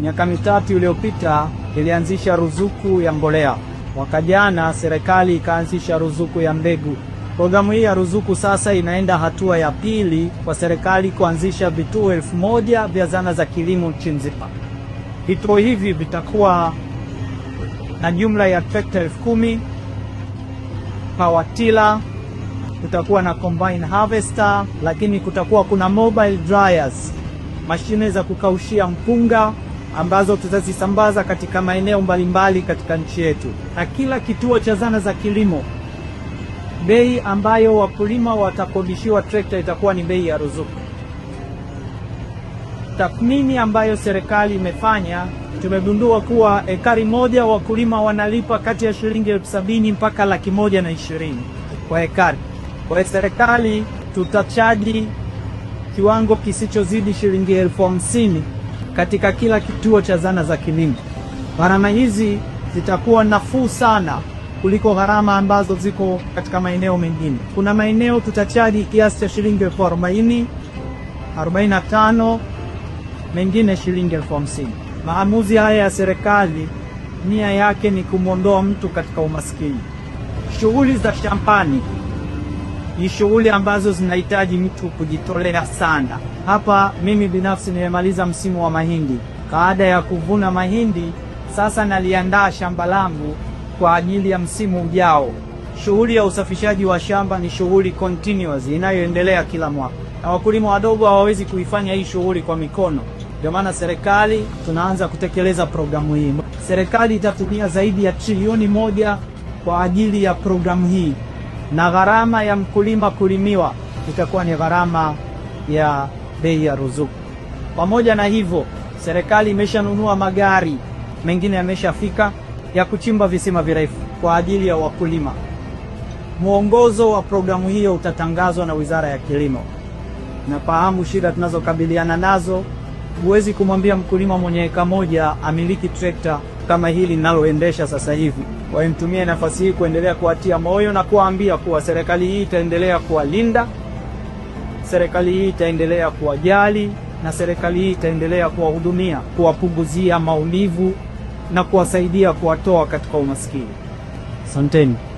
miaka mitatu iliyopita ilianzisha ruzuku ya mbolea. Mwaka jana serikali ikaanzisha ruzuku ya mbegu. Programu hii ya ruzuku sasa inaenda hatua ya pili kwa serikali kuanzisha vituo elfu moja vya zana za kilimo nchi nzima. Vituo hivi vitakuwa na jumla ya trekta elfu kumi pawatila, kutakuwa na combine harvester, lakini kutakuwa kuna mobile dryers, mashine za kukaushia mpunga ambazo tutazisambaza katika maeneo mbalimbali katika nchi yetu, na kila kituo cha zana za kilimo, bei ambayo wakulima watakodishiwa trekta itakuwa ni bei ya ruzuku. Tathmini ambayo serikali imefanya tumegundua kuwa ekari moja wakulima wanalipa kati ya shilingi elfu sabini mpaka laki moja na ishirini kwa ekari. Kwa serikali tutachaji kiwango kisichozidi shilingi elfu hamsini katika kila kituo cha zana za kilimo. Gharama hizi zitakuwa nafuu sana kuliko gharama ambazo ziko katika maeneo mengine. Kuna maeneo tutachaji kiasi cha shilingi elfu arobaini, arobaini na tano, mengine shilingi elfu hamsini. Maamuzi haya ya serikali nia yake ni kumwondoa mtu katika umaskini. Shughuli za shambani ni shughuli ambazo zinahitaji mtu kujitolea sana. Hapa mimi binafsi nimemaliza msimu wa mahindi. Baada ya kuvuna mahindi, sasa naliandaa shamba langu kwa ajili ya msimu ujao. Shughuli ya usafishaji wa shamba ni shughuli continuous inayoendelea kila mwaka, na wakulima wadogo hawawezi kuifanya hii shughuli kwa mikono. Ndio maana serikali tunaanza kutekeleza programu hii. Serikali itatumia zaidi ya trilioni moja kwa ajili ya programu hii na gharama ya mkulima kulimiwa itakuwa ni gharama ya bei ya ruzuku. Pamoja na hivyo, serikali imeshanunua magari mengine yameshafika ya kuchimba visima virefu kwa ajili ya wakulima. Mwongozo wa programu hiyo utatangazwa na Wizara ya Kilimo. Nafahamu shida tunazokabiliana nazo. Huwezi kumwambia mkulima mwenye eka moja amiliki trekta kama hili ninaloendesha sasa hivi. Kwa nafasi hii kuendelea kuwatia moyo na kuwaambia kuwa serikali hii itaendelea kuwalinda, serikali hii itaendelea kuwajali na serikali hii itaendelea kuwahudumia, kuwapunguzia maumivu na kuwasaidia kuwatoa katika umaskini. Asanteni.